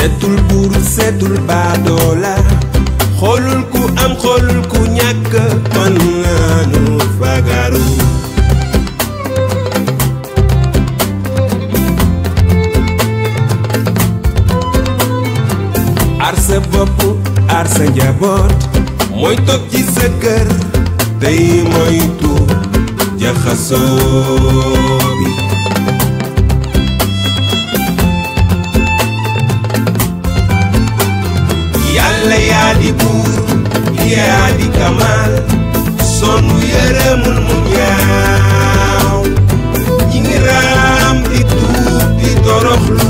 seetul buur seetul baadoola xoolul ku am xoolul ku ñàkk kon fagaru ar sa bopp ar sa njaboot mooy toog ci sa kër tey moytu jaxasoo bi yaa di kamal sonn yërëmul mu ñaaw ñi ngi di tuub di toroxlu